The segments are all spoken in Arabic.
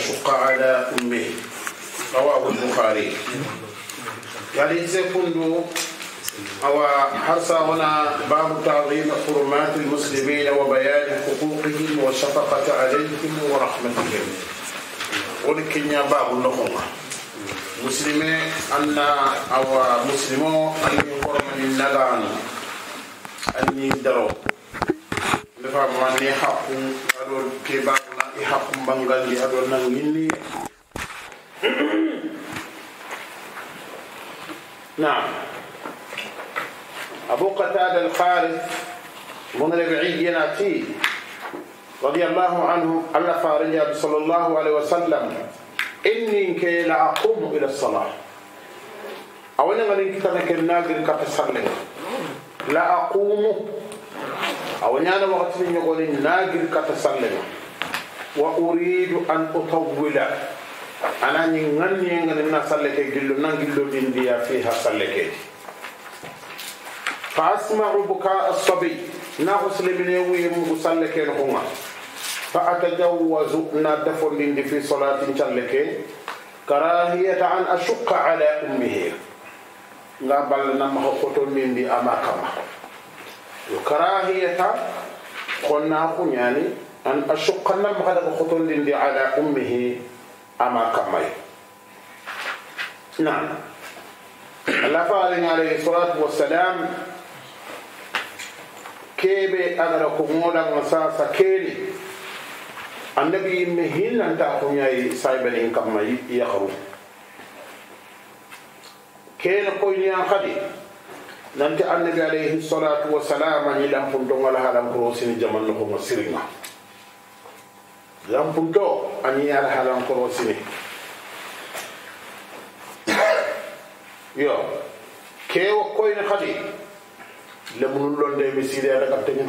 شق على أمه رواه البخاري يعني كنت أو حرص هنا باب تعظيم حرمات المسلمين وبيان حقوقهم والشفقة عليهم ورحمتهم ولكن يا باب لهم مسلمين أن أو مسلمون أن يحرم النغان أن يدرو نفهم أن يحقوا قالوا كبا e hakku mbangal ndi aɗo nanginni نعم أبو قتادة الخارج من ربعي يناتي رضي الله عنه أن فارج صلى الله عليه وسلم إني كي لا أقوم إلى الصلاة أولا من كتابك الناقل كتسلم لا أقوم أولا وقت من يقول الناقل كتسلم wa uridu an utawwila ana ni nganni ngani na salleke gillo na gillo dindiya fiha salleke fa asma'u buka as-sabi na muslimine wi mu salleke no kuma fa atajawwazu na dafo dindi fi salatin salleke karahiyata an ashqa ala ummihi nga balla na ma hokoto dindi ama kama yo karahiyata konna kunyani أن أشق أشقنا هذا خطر لندي على أمه أما كمي نعم الله فعلن عليه الصلاة والسلام كيبي أغرى مولا مساسا كيري النبي مهين أن تأخذ ياي سايبا إن كمي يخرو كين قوين خدي نمت النبي عليه الصلاة والسلام أن يلم فندق على هذا الكروسين جمال لهم السرقة yampudo ani ala halan korosini yo kewo koyne khadi lemunul londe mi sidi ala kapteñen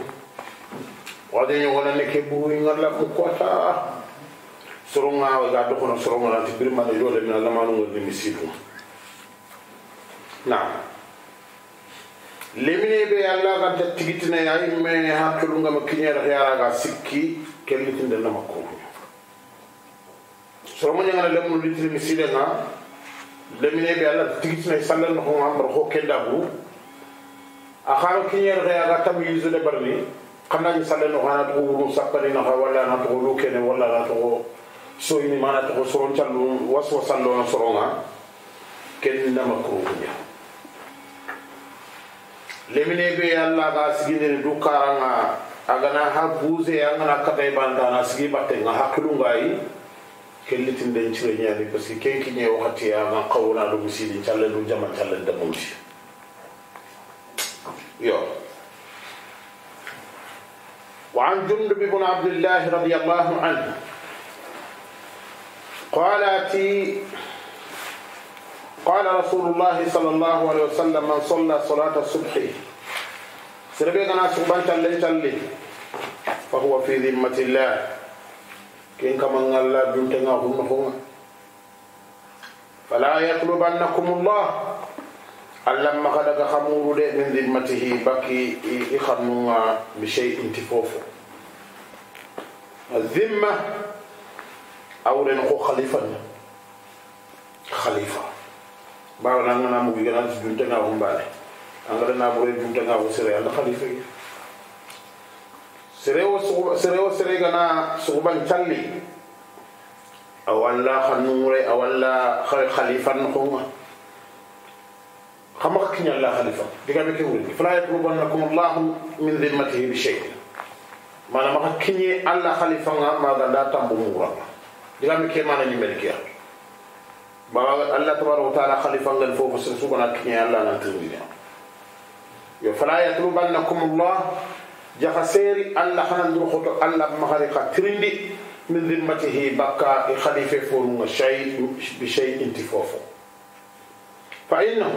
wade ñu wala ne ke buuy ngal la ko kota soro nga wa ga dokono soro nga ti prima de yole mi ala manu ngal mi sidu na lemine be alla ga tigitine ay me hakkulu ngam kinyara yara ga sikki kembitinde nama komuña soromoñangana lemunu litiri misilenga lemine ɓe allah tigitina sallan noxonga mbar xo kendabu a xaano kiñeer xe aga tam usene barni xanañi sallan noxa na tuxu wurum sappaninaxa walla na tuxo lu kene walla na tuxo soyini mana tuxo soron callu waswasallona soronga ken nama kuruña lemine ɓe allah ga sigindini du karanga agana ha buse angana katai bandana sigi batte nga hakkilungayi kellitinden cire ñaani par ce que ken kiñe wakati ama kawona ɗum siidi callen ɗum jama callen damuti yo وعن جندب بن عبد الله رضي الله عنه قال قال رسول الله صلى الله عليه وسلم من صلى صلاة الصبح سربيتنا سبحان تلين تلين فهو في ذمة الله كن كما نالا بنتنا هم هم فلا يطلب أنكم الله ألم ما قد خمور من ذمته بكي يخمون بشيء تفوف الذمة أو لنقو خليفة خليفة نعم بعد أن أنا مبيعنا بنتنا هم بعدين angada naɓore jumtanga ko sere allah khalifa ge serewo serewo seregana suguban calli awalla xannumure awalla xalifan xonga xama xa kiñalla xalifa digame ke wurini fala yatlubannakum llahu min dimmatihi bi chey manama xa kiñe alla xalifanga maga nda tambu muranga digame ke mana ñimel ke ma allah tabaraka wa taala xalifangan fofo sen sugana kiñe alla nantirwinea فلا يطلبنكم الله جفا سيري ألا حنندر خطو ألا مغرقة ترندي من ذمته بكاء خليفة فورم الشيء بشيء انتفافه فإنه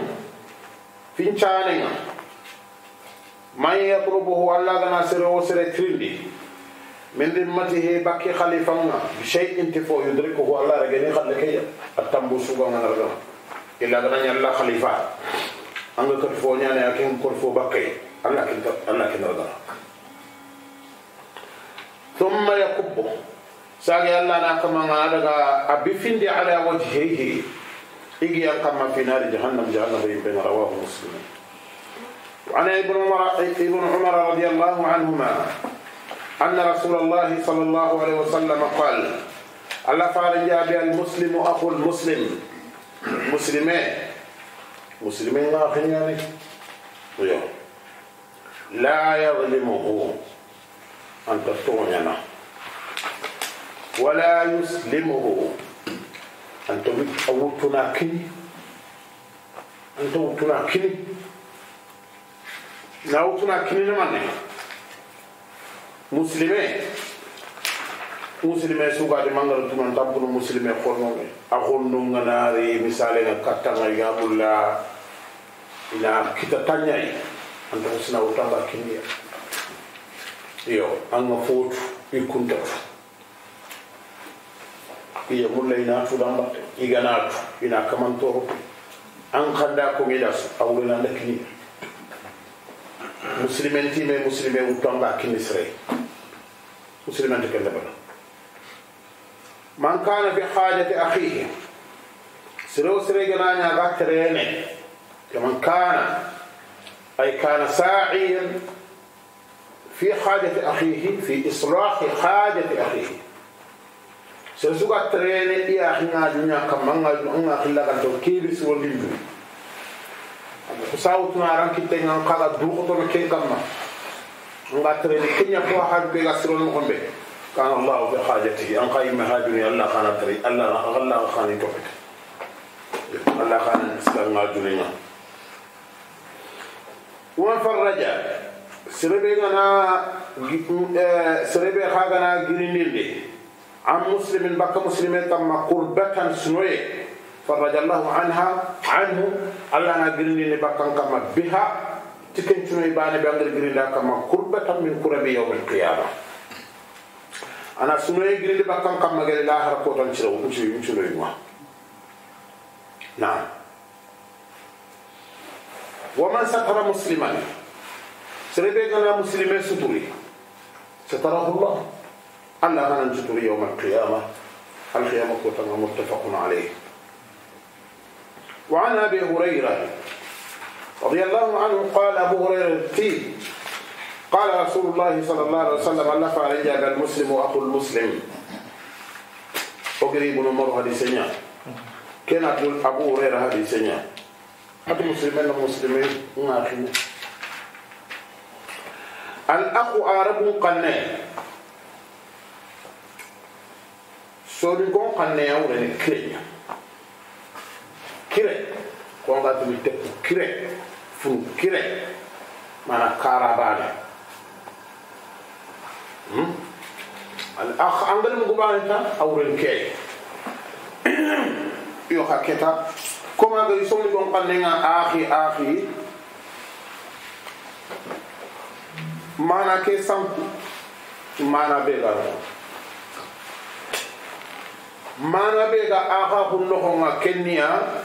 في انشاننا من يطلبه ألا غنا سيري وسيري ترندي من ذمته بكاء خليفة بشيء انتفافه يدركه ألا رجل يخلقه التنبو سوغان الرغم إلا غنا يلا خليفة anga kar fo nyana ya kin kor fo bakai Allah kin Allah kin rada thumma yakubbu sage Allah na kama ngada ga abifindi ala wajhihi igi ya kama fi nar jahannam jahannam bin rawahu muslim وعن ابن عمر ابن عمر رضي الله عنهما أن رسول الله صلى الله عليه وسلم قال الله فعل جابي المسلم أخو المسلم مسلمين مسلمين اخرين يعني طيب لا يظلمه ان تستغنينا يعني. ولا يسلمه أنت أوتنا كني أنت أوتنا كني لا أوتنا كني نمني مسلمين مسلمين سوغا دي مانغال تمان تابون مسلمين خورنو أخون نونغ ناري مثالي نكتنا يابولا ila kita tanya tanyai anta sina utamba kimia iyo anga fotu ikunta iya mulla ina tu damba igana tu ina kamantoro an khanda ko ngila su awre na lakini muslimen ti me muslimen utamba kimisre muslimen te kenda bana man kana bi hajati akhihi siro sire gana nya ga trene كمن كان أي كان ساعيا في حاجة أخيه في إصلاح حاجة أخيه سيسوكا ترين إيا أخينا دنيا كمان أنا أخلا كان توكيبس وليم ساوتنا ران كتين أن قد دوغتون كين كمان أنا ترين كنيا يقوى حاجة بلا سرون قنبي كان الله في حاجته أن قيم هاجوني الله كان تري الله الله خاني توكيت الله كان سلام هاجوني وفرجا سربي غنا آه، سربي خاغنا غرينيلي عن مسلم بك مسلم تم قربة سنوي فرج الله عنها عنه الله نا غرينيلي بك كما بها تكن سنوي بان بانغر غريلا كما قربة من قرب يوم القيامة أنا سنوي غرينيلي بك كما غير هر كوتان شرو مشي مشي نعم ومن ستر مسلما سربيغنا مسلمين إيه ستري ستره الله ألا أنا ستر يوم القيامة القيامة قوتنا متفق عليه وعن أبي هريرة رضي الله عنه قال أبو هريرة فيه قال رسول الله صلى الله عليه وسلم نفع علي المسلم وأخو المسلم أقريب نمر هذه سنة كان أبو هريرة هذه سنة هاد المسلمين المسلمين ناخنا الأخ عرب قناة سوريكون قناة وغني كريا كريا كون غاتو يتكو كريا فرو كريا مانا كارابانا الأخ عندنا مقبلة أو رنكي يوخا كتاب koma gari somi ɗon kallenga ahi ahi mana ke sanku mana be ga mana be ga aha hunnohonga kenniya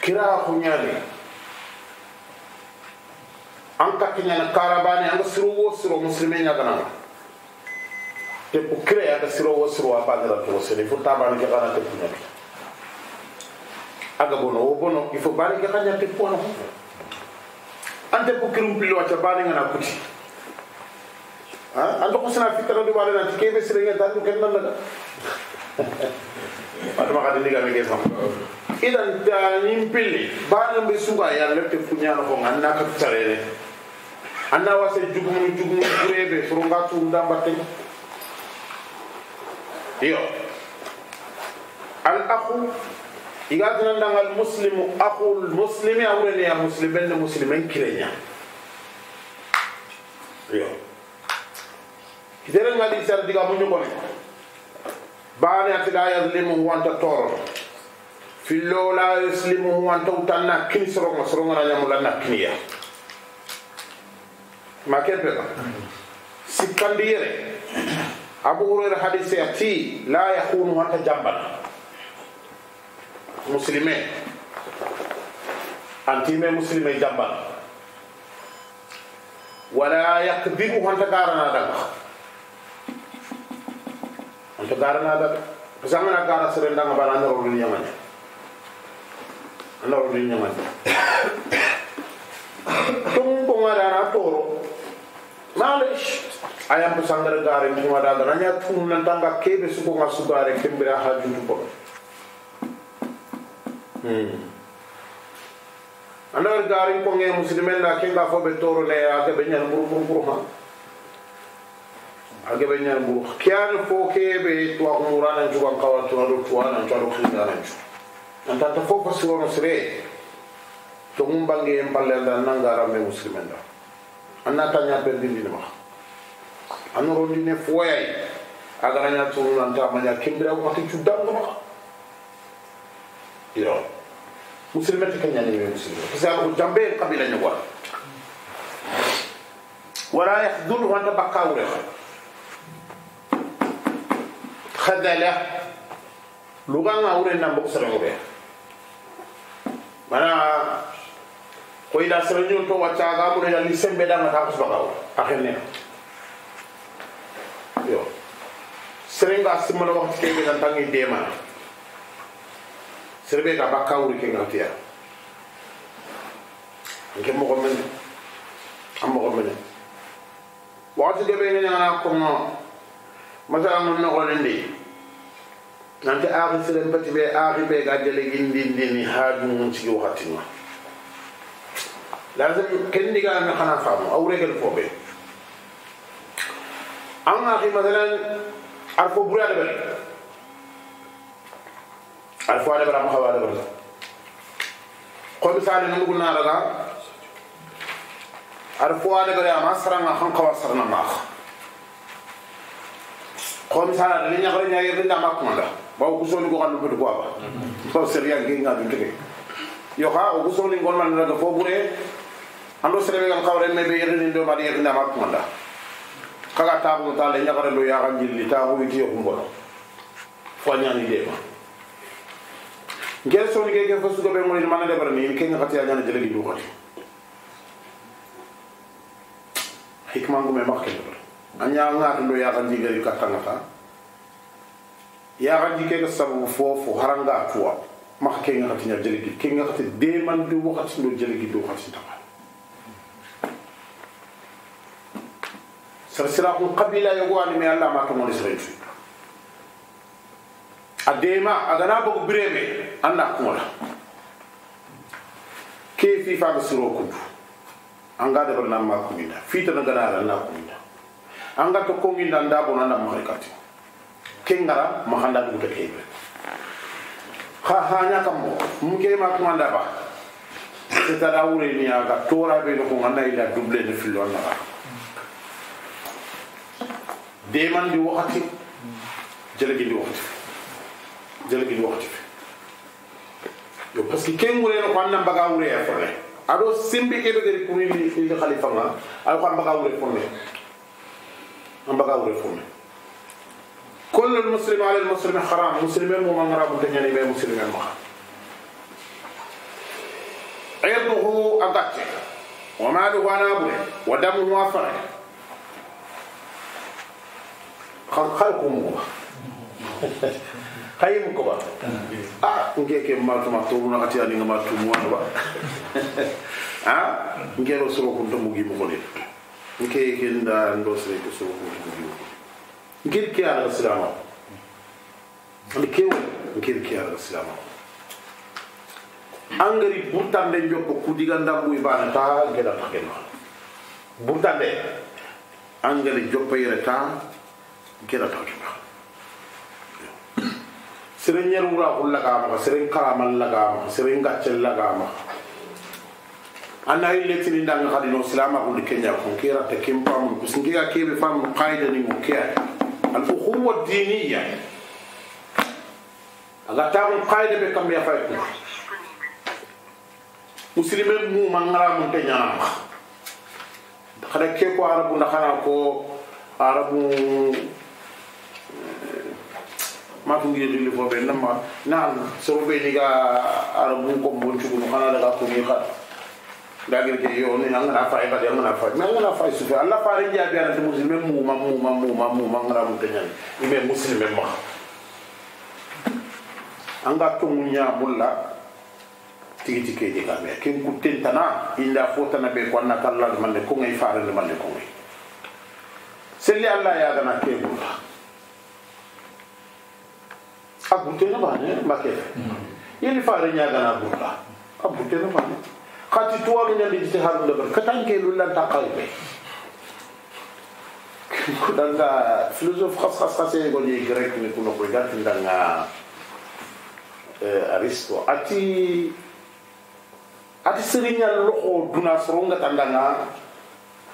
kira huñani an kakkiñana karabane anga siro wo siro musilime ñagananga te ku kire anga siro wo siro a bagiratogo sene fo tabane ke gana te kuñaki aga bono bono il faut baare ke xaña ke pono ante ko kirum pilo ca baare ngana kuti ha ando ko sina fitara di wala nanti kebe sire nga dal ken nan laga atama ka dindiga me ke fam idan ta nim pili baare mbe suga ya lepte funyano ko nganna ka tarere anna wase jugumu jugumu jurebe surunga tunda batte yo al akhu iga tanandanga almuslimu aku lmuslimi awureneya muslimen ne muslimen kireña yo kiterengadi sar diga muñugone bane ati la yadlimu wanta toroto fillo la yuslimu wanta utanna kini soronga soronga na ñamulanna kiniya ma kempega sikkandi yere abu hurayra hadise ati la yahunu wanta jambana musilime antime musilime jambal wala yakdibu honta garana daga honta garana daga parce que angana gara sere ndanga bala anda rodun yamani anda rodun yamani tum bonga dana toro malish ayam sangara gare tuma daga nanya tum nantanga kebe suko ngasuka re kembira hajutu ko andar garin konge muslimen da kenga fo be toro le aga be nyal buru buru buru ha aga be nyal buru kyan fo ke be to ngurana ju ban kawa to ro to ana to ro khinda na ju anta ta fo fo suro no sire to ngum bangi em palle da nangara me muslimen da anna ta nya be dindi ma anu ro dine foyai aga nya to anta ma nya kimbra ko ti chu dam ma yo musulmete ke ñanime musulme parce que jambe en kabila ñogora wala yahdulhu anta bakka wure khadala luganga wure nambo ko sere ngure mana koyda sere ñun to wacca ga mure ni sembe da ngata ko subaka wure akhenne yo sere nga simana waxti kebe nan tangi demana sirbe ga bakka wuri ke ngatiya nke mo gomen am mo gomen waati de be ngana ko no masala mun no golindi nanti aari siren pati be aari be ga jele gindindini ha dum ci wakati no lazim kendi ga na khana famu awre gel fobe amma ki masalan arfo burade be ada fo ada bara mo hawa da ko bi sale no guna daga ada fo ada bara ma saranga han kawa sarna ma ko mi sala da nya gare nya yebe da makunda ba ko so ni ko kan ko ba ko sel ya ngi nga dum tege yo ha ko so ni gon man daga fo bure ando sere ga kawre me be yede ni do ma de yebe da makunda kaga tabu ta le nya gare lo ya ga jilli ta ko wi ti ko mbo fo nya ni de ma gel soni ke ke fosu ko be ngol mana de barani ke ni khatiya nyana jele gi du khati hikma ngume makke de bar anya nga ndo ya kan diga ka tangata ya kan dike ka sabu fofu haranga tuwa makke nga khati nyana jele gi ke nga khati de man du wakati ndo jele gi du khati ta sarsira kun qabila yogo ani me allah ma to ngol siraytu adema agana bogo bireme anda kuma la ke fi fa ga suro kudu an ga dabar nan ma kuminda fita na gana ran na kuminda an ga to kuminda nda bona na makarikati kengara mahanda du ta kebe ha ha nya kam mo muke ma kuma nda ba se ta da wure ni aga tora be ko ngana ila duble de filo na ba de man di wakati jelgi di wakati jelgi di wakati yo parce que ken wure no kwanna baga wure ya fone ado simbi ke de kuri ni ni khalifa ma al kwan baga wure fone am baga wure fone كل المسلم على المسلم حرام مسلمين وما نرى مدنيا ما مسلمين ما عرضه أغتك وماله أنا أبوه ودمه أفره خلقكم hay mu ko ba ah nge ke ma ta ma to na ati ani ma to mu ba ah nge ro so ko to mu gi mu ko ne nge ke nda ndo se ko so ko to mu nge ke ala salama ni ke wo nge ke ala salama angari burtande njokko kudiganda mu ibana ta geda takena burtande angari joppa yere ta geda takena seren ñerwura ku lagamaxa seren karaman lagamaxa seren gaccel lagamaxa anna i letinindanga xadino silamaxundi keña kun ke ratta kem pamunu parce que kega keɓe famunu qayidaningu ke ay al uxuwa diniya aga taxun qayida ɓe kam yafay ku musilime muma ngaramunte ñanamaxa xada ke ko arabu ndaxana ko arabu makin gida dulli fo be namma nan so be diga arabu ko bon chugo no kana daga ko mi khat dagir ke yo ni ngana fa e kadi ngana fa me ngana fa su fa alla fa re ja bi ana muslim mu ma mu ma mu ma mu ma ngara mu tanya ni me muslim me ma anga to munya bulla tigi tigi de gabe ken kutten tana inda fota na be ko na kala man ko ngai fa re man ko ngai selli alla ya dana ke bulla a guntene mane makene yeli fare ñagana gunta a guntene mane xati tuwaru ñandi jite haru lebar katankelu lanta xay be kudanga philosophe xas xas xase goni grec ni kuno koy gatindanga aristo ati ati serignal loxo duna sorongata ndanga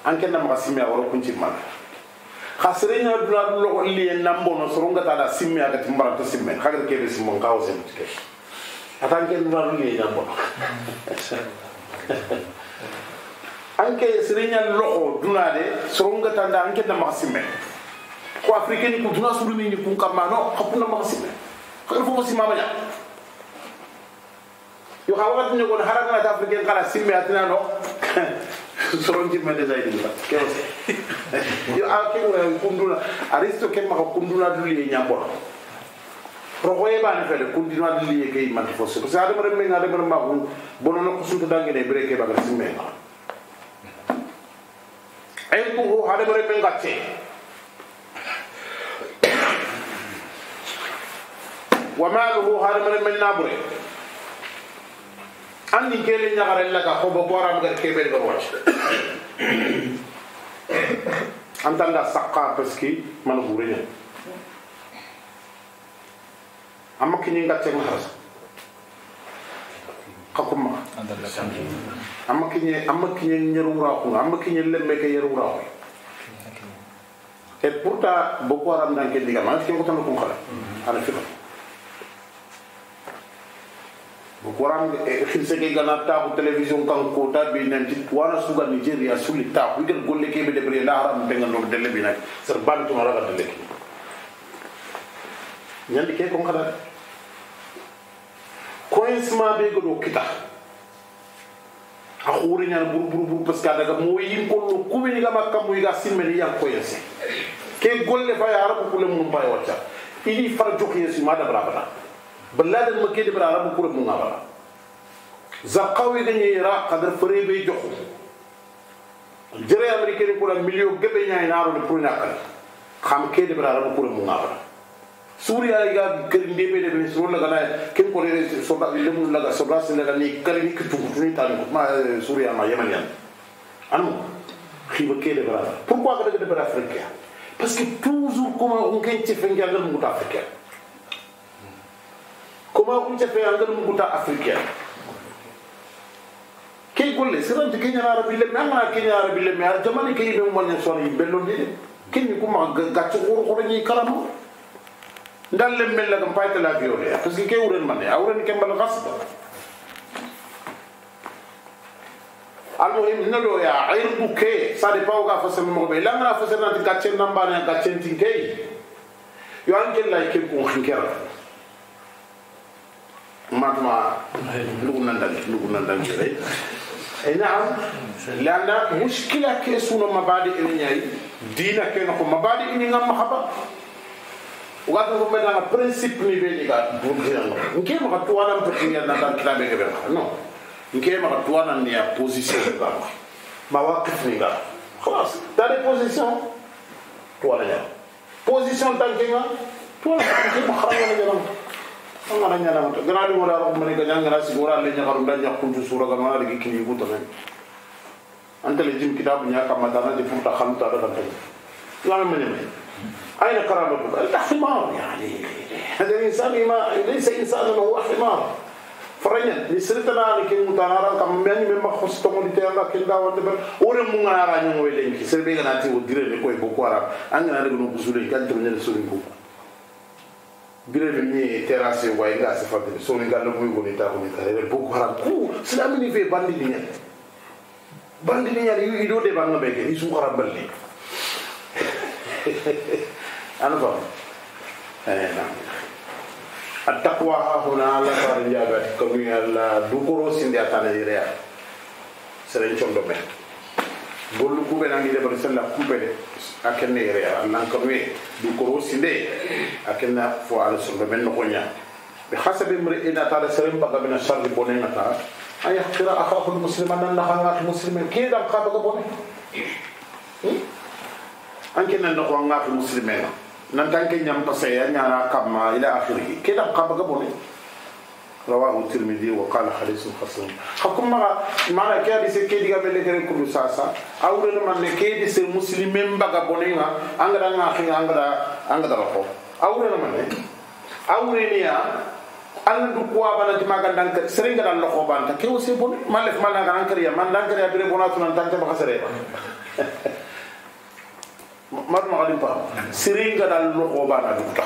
anke namaxa simeaxoro kuncimmaga khasre nya dula lo li nambo no soronga ta da simme aga timbara ta simme khagar ke bes mon kawo sem tike atan ke dula li nambo anke sirenya lo duna de soronga ta da anke da masimme ko africain ko duna sulu ni kun kamano khapuna masimme khagar fo masimme ma ja yo khawat ni ko haragana ta africain kala simme atina no soronji ma deja ini ba ke yo a ke wa kundula aristo ke ma kundula duli nya bo rogo e bana fele kundina duli e ke ma fo so sa adama remme na adama ma ko bono no ko sunta dangi ne breke ba ga simme ay ko ho adama remme ga te wa maluhu adama remme na bure anni gelle ñagarella ga hobo boram gar keɓel gar wac antanda sakka parce que mana ɓureña amma kiñi gatten harasa ka kumma amma kiñe amma kiñe ñerumrakunga amma kiñe lemme ke yerumrakuy et pourtant boko haram dan ke digama ana fikenkotanokun xala ana fikan koran xirsege gana taxu télévision kan kota be nanti wana suga nigeria suli taxu igal golle kebe debre la haram tenga no delle bi nak sar ban to mara gatte lek nyandi ke kon kala koyesma be godo kita a xuri nyal bur bur bur parce que daga mo yin ko no kubi ga makka mo ga simmel yan koyese ke golle fa ya rabu kulum mum bay wacha ili farjuk yesu ma da brabana balla da makke da rabu kulum mum ngabara zakkawiga ñe ira kadar ferebe joxu jere américain kula million gebe ñay naaro de pour ñakal xam ke de bara ko mu ngaba suriya ga ker ndebe de be sur la gala ken ko re so ba le mu la ga so ba sin la ni kali ni kutu kutu ni tan ko ma suriya ma yemen yan anu khiba ke de bara pourquoi ga de bara africain parce que toujours comment on kan ci fengal ngal mu ta africain comment on ci fengal mu ta africain ke golle siranti keñanara bille mi angana keñanara bille mi ara jamani ke yiɓe mumaña sona yimɓe londi de kenni kuma gacco xoroxoroñi karamo ndal le mel lagam paytala violé parce que ke wuren mane a wuren ke mbal xasba almuhim nalo ya irdu ke ça dépend oga fasel moxoɓe ilangana fasel nanti gaccen nambane gaccen tin key yo an ken lay ken kun xinkera matma lugu nandang lugu nandang rey اي نعم لان مشكله كيسون مبادئ اني ناي دينا كينو كو مبادئ اني غام محبا وقت ما بدنا برينسيپ ني بيني غا بوغيرا نكي ما توانا بتنيا انا دا كلام غير نو نكي ما توانا ني بوزيشن غا واقف ني غا خلاص دا لي بوزيسيون توانا نيا بوزيسيون تانكينا توانا نكي ما ولا غير angana ñanamata ganadi wora raxumani gaña ngana sigi wora le ñaxaru nda ñakkuncu suraganoa rigi kinigu tamen antele jim kitabu ña kamata anati furta xanuta daga tay lame ma ñame ayna karamatuka alta ximar yani hada linsan ima laysa insanan huwa ximar farañan ni seretanani ke mutanaran kam meani mema xostomoliteanga kenda wande ben wore mungana ara ñongoy lenki sere ɓe ganati wo direne koy boko arab angana regno busulenki antemañane sorin kuka gile be min ye terrasse wa i nga sefa bene soni gande muy goni ta goni ta yere boko haram ku silamini fe bandini ñani bandini ñani ido deba nga beke i sun haram balli ana fam ene eh, nam attaqwa ha huna la farin jabati comme yalla du koro sinde atana yere ya seren chondo be gollu kuɓe nangi jabar sella kuɓe de a kenne yere a nankanwe du koro sinde a kenna fo ala sorbe men nogoña bi hasabi mri ina tala serem baga bina sharri bone na ta an yahqira akhahul muslima nan na hangat muslimen ke dam ka baga bone an kenna no ko hangat nan tan ke nyam pasaya nyara kamma ila akhirih ke dam ka baga bone رواه الترمذي وقال حديث حسن حكم ما ما كان يسكت كي ديغا ملي كان كل ساسا او لو ما نكيد سي مسلمين باغا بونينا انغدا ناخي انغدا انغدا رفو او لو ما او رينيا ان دو كوا بانا تي ماغا دانك سرينغا دان لوخو بانتا كي او سي بون ما لك ما نغا انكريا ما نغريا بري بونا تو نان تانتا بخسري ما ما غادي با سرينغا دان لوخو بانا دوتا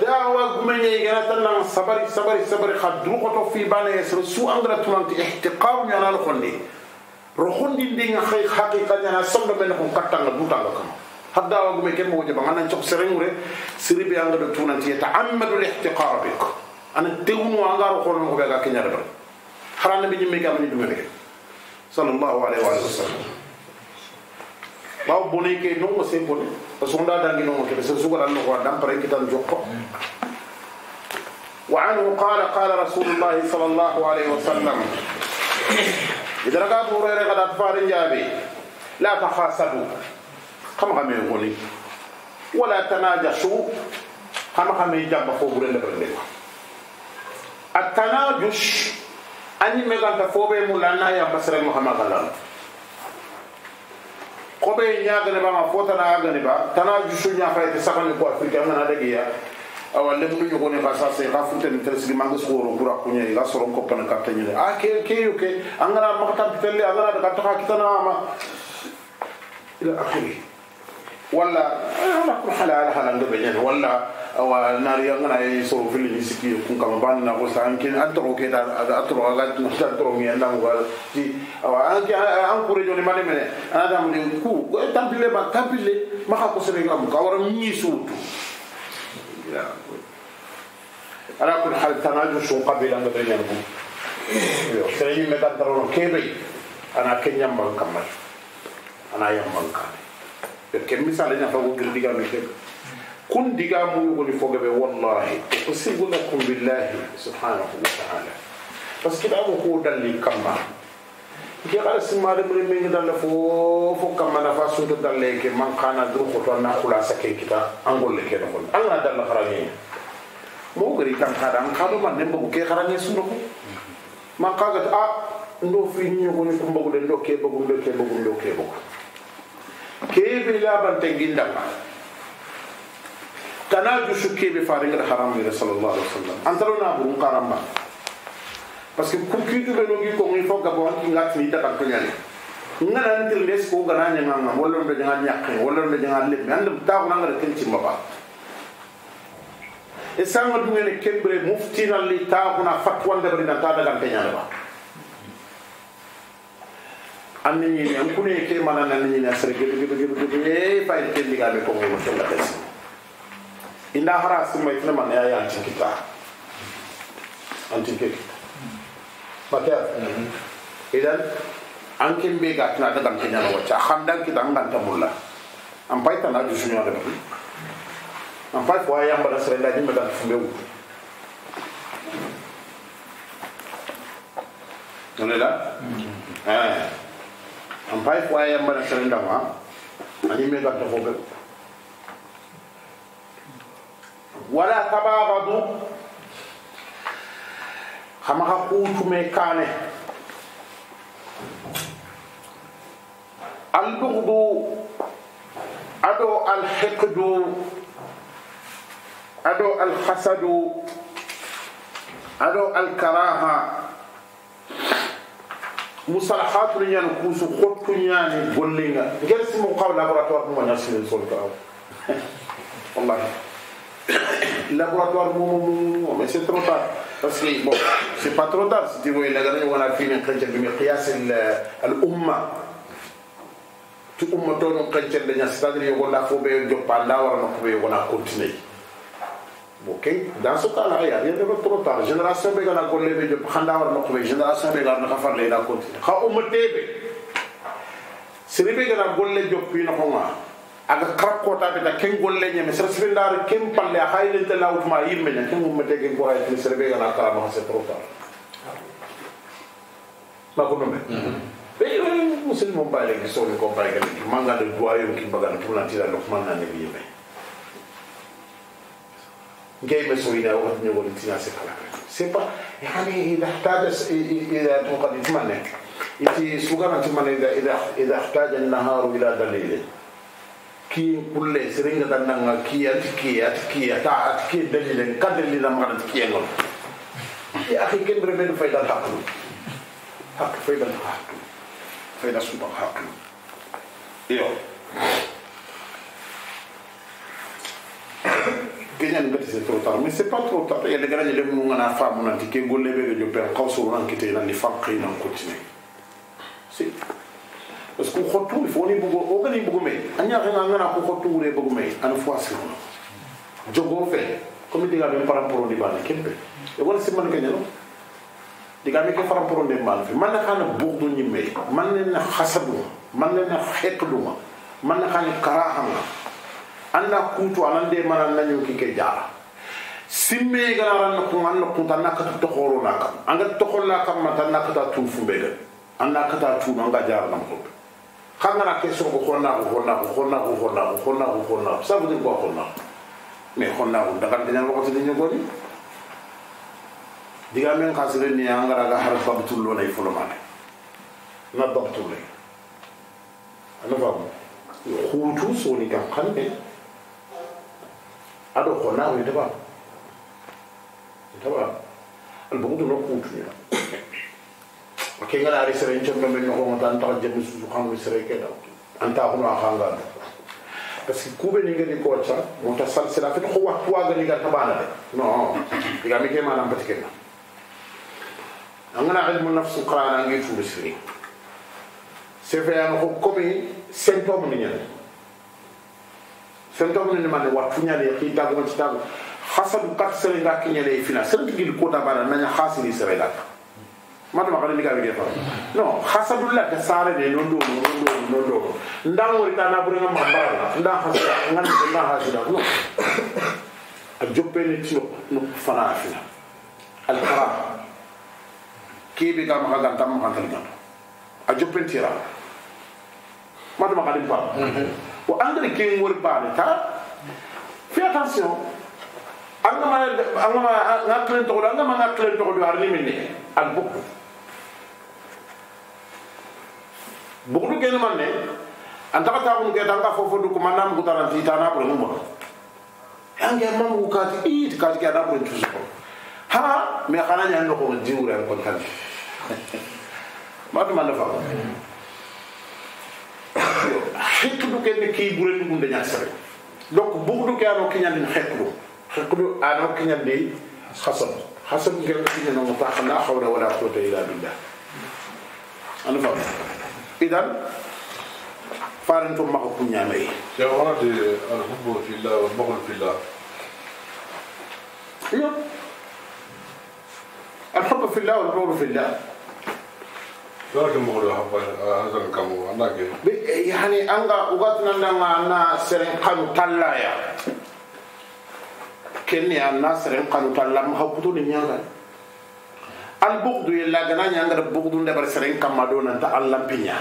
دعوة من يجناتنا صبري صبري صبري خدروا قطو في بنا يسر سو أنغرا تمنت احتقام يانا لخندي رخون دين دين خي حقيقة يانا سمد منهم قطان لبوتا لكم حد دعوة من كم وجب أنا نشوف سرين وري سري بي أنغرا تمنت يتعمد الاحتقار بك أنا تغنو أنغرا رخون لكم بيغا كن يربر حران نبي جميع كامل يدوني صلى الله عليه وسلم باو بوني كي نوم سي بوني وسوندا دانغينو بس سوغرا نو دان بري كتان جوكو وعنه قال قال رسول الله صلى الله عليه وسلم إذا رجع بورير قد فار نجابي لا تحاسدوا كما كما يقولي ولا تناجشوا كما كما يجاب فوبرين لبرين التناجش أني مغان تفوبي مولانا يا بسر محمد الله kobe ñaganeba ma fo tana yaganeba tana jusu ñafayete sagani ko afrique angana dageya awa lemnu ñogone xa sase xa futeni teresigi manga suworo pour a kuñe ga soron koppana karta ñene a ke ke yo ke angana maxatampitelle angana daga taxa kitanama ila axiri walla ala kul hala ala hala ngabe ñene walla awa nari ngana e so fili ni siki kun kama ban na ko sam kin atro ke da atro aga na atro mi anda mo gal ti awa an ki an kure joni mane mene ana da mo ku ko tampile ba tampile ma ka ko sere ngam ka wara mi sutu ya ala kun hal tanaju su qabila ma denya ko yo sere ni me tan taro kebe ana kenya mbal kamar ana yam mbal kamar ke misale na fa ko girdiga mi kebe kun diga mu yugoni fogabe wallahi o sigunakum billahi subhanahu wa taala parce que ɗamo ko dalli kamma ke xara simmaade mure mengi dalle fo fo kamma nafa suuto dalle ke man xana dur xoto anna xulasa ke kita an golle ke noxon an gana dalla xarañeña mo gari kan xaada an xaado man ne mbogu ke xarañe sunoko man xagat a ndo fi ñogoni ko mbogu de ndo ke bogu ndo ke bogu ndo ke bogu ke bi labante ngindanga kana jusu kebe farengar haramere sallallahu alaihi wasallam antaro na burun karamba parce que kukidu be no gi ko ngi foga bo ngi ngat ni ta kan nyane ngana ndir les ko gana nya ngam wala be jangal nyakke wala be jangal le ngam ta ko ngara ken ci mbaba e sanga du ngene kembre muftina li ta ko na fatwa ndabre na ta daga pe nyane ba anni ni an kune ke mana nan ni na sere gebe gebe gebe e fay ken diga be ko mo ko la tesi inda hara simma itna man ya ya antin kita antin kita maka idan an kin be ga tana da kan kinya wacce han dan kita an dan tamulla an pai tana du sunyo da an pai ko ya ba da sare da jimma da fumbe wu nana la eh an pai ko ya ba da sare da ma ani me ga ta ko be ولا تباغضوا خما حقوق ميكانه البغض أدو الحقد أدو الحسد أدو الكراهة مصالحات لنيان كوس خط لنيان بولينا جلس مقابل لابراتور نوانيا سيدي سولتا والله laboratoire mo mo mo mais c'est trop tard parce que bon مومو مي سي ترو تار بس بون سي با ترو تار سي تيبو الا غني وانا في من قنجر بمقياس الامه تو امه تون قنجر لنا ستادر يقول لا فو بي جو با لا ورا نكو بي وانا كونتيني ok dans ce cas là il y a rien de trop tard génération be gana golle be jo khanda war nokko be génération be gana khafar le da konti kha umma tebe sirbe gana golle jo pi no khonga aga krakota beta ken golle nyame serbe ndar ken palle hayle te lawt ma yimme nyam ken mum tege go hayle ni serbe gana kala ma se trop tard ma ko nombe be yo musulmo bale ke so ko bale ke manga de doyo ki baga pour la tira lo manga ne yimme جاي مسوينا وقت نقول انتنا سكلا سيبا يعني إذا احتاج إذا قد يتمنى إذا سوغانا تمنى إذا إذا احتاج النهار إلى دليل كي كل سرين قد نعى كي أتكي أتكي أتا أتكي دليل كدر لنا ما أتكي يعمل يا أخي كم ربنا فايدة حق حق فايدة حق فايدة سبحان حق يو kenyan beti c'est trop tard mais c'est pas trop tard yalla gara yele mu ngana famu nanti ke golle be be jo per qawsu nan kite nan ni faqi nan kutine c'est parce que xottu fo ni bugo o gani bugo me anya nga ngana ko xottu wure bugo me an fois si no jogo fe comme diga be par rapport di bana kembe e wala si man kanyalo diga me ke par rapport de mal fi man na xana bugdu ni me man na xasabu man na xeqdu ma man na xana karaha ma anna kuntu anande man nanyo ki ke jara simme gara ran ko an ko tan nakata to horona kam anga to holla kam mata nakata tu fumbe anga kata tu anga jara nam ko kangana question ko honnaku honnaku honnaku honnaku honnaku honnaku ça veut dire quoi honnaku mais honnaku dagan dañan wakati dañu goni diga men kasire ni angara ga har babtul lo lay fulumane na babtul lay ana famu khutu soni kan kanne ado honnaku deba deba al bugudu no khutu ni ke ngana ari sere ncem do men ko tan ta jabbi su ko ngi sere ke da anta ko no khanga da parce que kube ni ngani ko cha mo ta sal sira fit ko wat wa ngani ga tabana de no diga mi ke ma lam patike na angana ilmu nafs qur'an ngi fu sire se fe an ko komi symptôme ni nyane symptôme ni man wat fu nyane ki tagu ci tagu hasadu kat sere ga ki nyane fina sere gil ko tabana na nya hasini sere ga mata ma kadeli gabe gefa no hasadullah ka sare de non do non do non do ndam wori ta na burenga ma bara nda hasada ngan nda hasada no a joppene tino no fana afina al haram kebe ga ma ga tam ma kan tan a joppene tira mata ma kadeli pa wa andre ken wori pa ta fais attention angama angama ngaklen to angama ngaklen to do arni minne al bukku bugundu genu manne antaka tabunu ke tanga fofo du kuma nam gutana ti tana ko mumma yange mamu kati it kati ke adabu tusu ko ha me khana nya ndo ko diura ko tan matu man fa hikdu ke ni ki bure dum de nyasare donc bugundu ke ano kinya ni hikdu hikdu ano kinya de hasad hasad ngel kinya no ta khana hawla wala quwwata illa billah ana fa إذا فارنتم معكم يا مي يا ورد الحب في الله والمغل في الله لا الحب في الله والمغل في الله لكن بغل حب هذا الكم يعني أنا وقتنا أنا سرين قام تلايا كني أنا سرين قام تلايا ما هو بدون البغض يلا جنا يندر بغض نبر سرين كم أنت الله بينا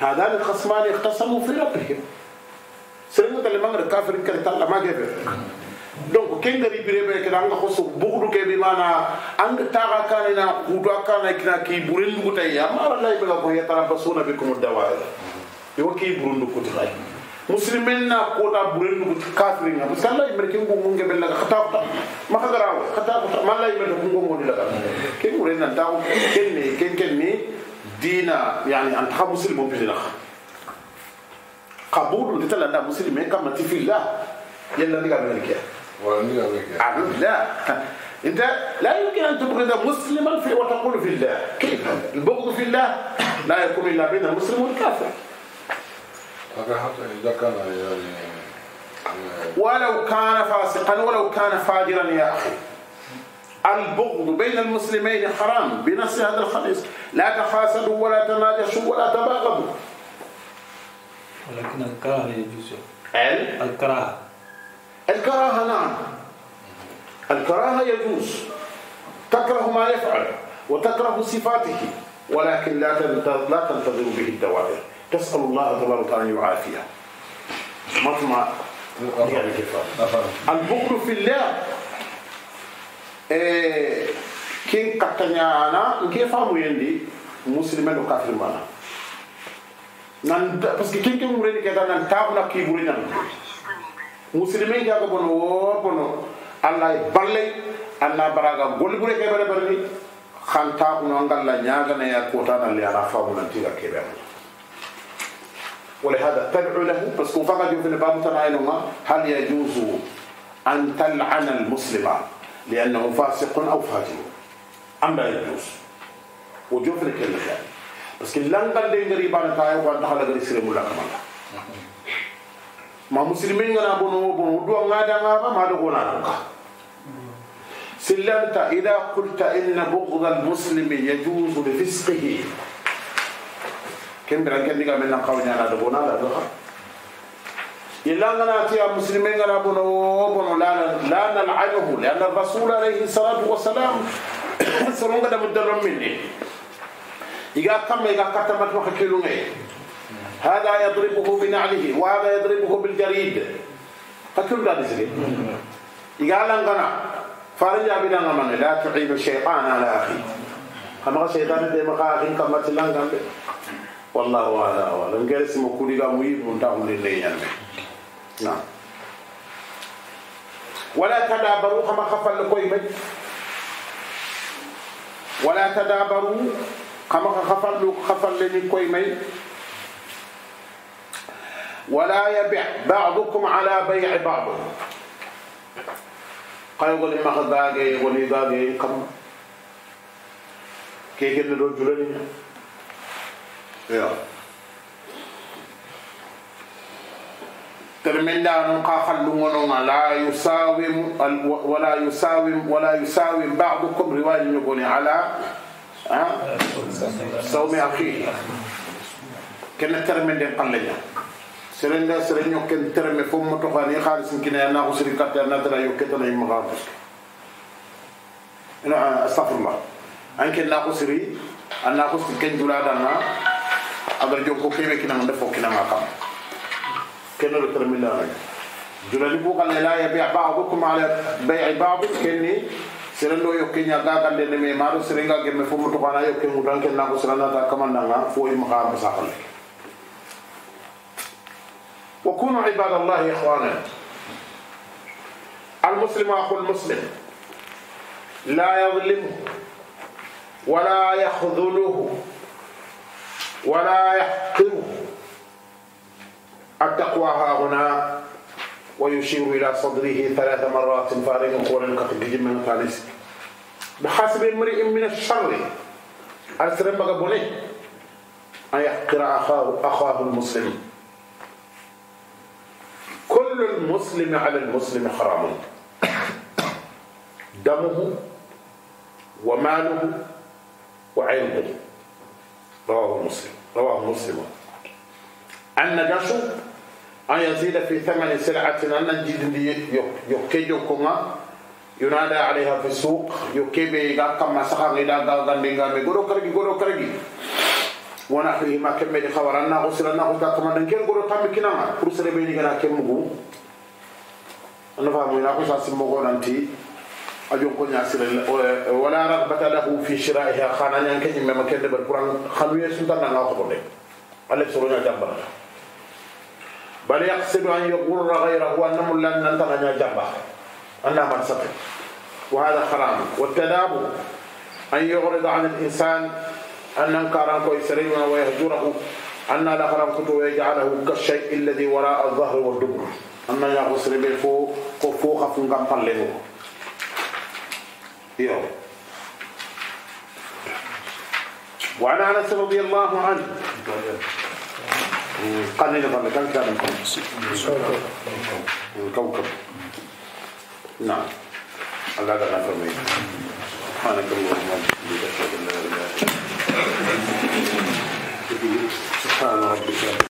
هذا الخصمان اختصموا في ربهم سرين قال ما غير كافر إنك تطلع ما جاب دونك كين غري بريبة كنا عند خصو بغض كبي ما نا عند تارا كان هنا غدا كان هنا كي بورين غدا يا ما الله يبغى كوي ترى بسونا بكم الدواء يوكي بورين غدا مسلمين نا كودا بولين نو كافرين نا بس الله يمرك يمكو مونج بيلا خطاب خطاب ما خطر أو خطاب خطاب ما الله يمرك يمكو مونج لا كين بولين نا داو كين مي كين كين مي دينا يعني أنت خب مسلم مو بيلا قبول ديتا لا مسلمين كم تفي لا يلا ديكا بيلا كيا ولا ديكا بيلا لا انت لا يمكن ان تبغض مسلم في وتقول في الله كيف البغض في الله لا يكون الا بين المسلم والكافر ولو كان فاسقا ولو كان فاجرا يا أخي البغض بين المسلمين حرام بنص هذا الخميس لا تحاسدوا ولا تناجشوا ولا تباغضوا ولكن الكراهه يجوز الكراهه الكراهه نعم الكراهه يجوز تكره ما يفعل وتكره صفاته ولكن لا تنتظر به الدوائر تسأل الله تبارك وتعالى أن يعافيها مطمع البكر في الله إيه، كين قطعنا أنا كيف فهموا يندي مسلمين وكافر مانا نان بس كين كم مرينا كذا نان تابنا كي مرينا مسلمين جاكو بنو بنو الله يبلي أنا براغا غول غول كبر برني خان تابنا أنغلا نيا غنيا كوتا نلي أنا فهموا نتيجة كبر ولهذا تدعو له بس كون فقط يوفي باب تنعينهما هل يجوز أن تلعن المسلم لأنه فاسق أو فاجر أم لا يجوز وجوف لك الخير بس كل لن قال دي غريبا تايو وانت حالا غري سيري مولا كمالا ما مسلمين غنا بونو بونو دو غادا غابا ما دو غنا سلمت إذا قلت إن بغض المسلم يجوز بفسقه كن بران كن نيجا من نكوا نيجا دبونا لا دوها إلّا أن أتي المسلمين على بنو بنو لا لا نلعنه لأن الرسول عليه الصلاة والسلام سرّنا دم الدرم مني إذا كم إذا كتمت ما هذا يضربه بنعله وهذا يضربه بالجريد فكل هذا زين إذا أن فارجع بنا من لا تعيب الشيطان على أخي كما الشيطان دم خاخين كم تلّن والله هذا هو لان جالس مكولي لا مويب من تاهم للي يعني. نعم ولا تدابروا كما خفل لكويب ولا تدابروا كما خفل لكويب لكويب ولا يبع بعضكم على بيع بعض قال يقول ما خذ داغي يقول داغي كم كي يقول له Ja. ترملا نقاخل لونغونا لا يساوم ولا يساوم ولا يساوم بعضكم رواية نقولي على صوم أخيه كنا ترمل قل لنا سرنا سرنا كن ترمي فم تقاني خالص كنا أنا غسري كتر نترى يكتر نيم غابس أستغفر الله أنك لا غسري أنا غسري كن جلالا agar jokko kebe kina ngada fo kina ngakam keno le termila ngada julali bu kan la yabi ba'dukum ala bai'i ba'd kenni serendo yo kenya ga kan de me maro seringa ge me fumu to kana yo ke mudan ken na ko serana ta kamanda nga fo im ka basakal wa kunu ibadallahi ikhwana المسلم أخو المسلم لا يظلمه ولا يخذله ولا يحقره التقوى ها هنا ويشير إلى صدره ثلاث مرات فارغ قول كجمع ثالث بحسب امرئ من الشر أسرم بقبله أن يحقر أخاه, أخاه المسلم كل المسلم على المسلم حرام دمه وماله وعلمه رواه مسلم رواه مسلم النجاش أن يزيد في ثمن سلعة أن نجد يكيجو كما ينادى عليها في السوق يكيبي كما سخر إلى غاغان دينغامي غورو كرغي غورو كرغي ونحوهما كم من غسل غسلنا غسل كما نكين غورو تام كنا كرسل بيني غنا كم مغو أنا فاهمين أقول ساسم مغو ننتي ajon ko ñasiren wala ragbata lahu fi shiraiha xana ñanke ñimmema ken deɓel pour an xanuye sutananga xoɓo de alex soroña jambarata bal yaqsidu an yagurra gayrahu annamu lan nantanga ña jamba anna man safe wa hada haram waltadabu an yugrida an linsan annan karan koy sereyuna wa yahjurahu anna la haram kutu wa yajcalahu kalshey alladi wara aldahri wa dubur anna ñaxo serebe fo ko fo xa fungam pallengo يوم وعن انس رضي الله عنه قليل ظنك هل كان الكوكب نعم الله لا فرمي سبحانك اللهم وبحمدك اشهد ان لا اله الا انت سبحان ربك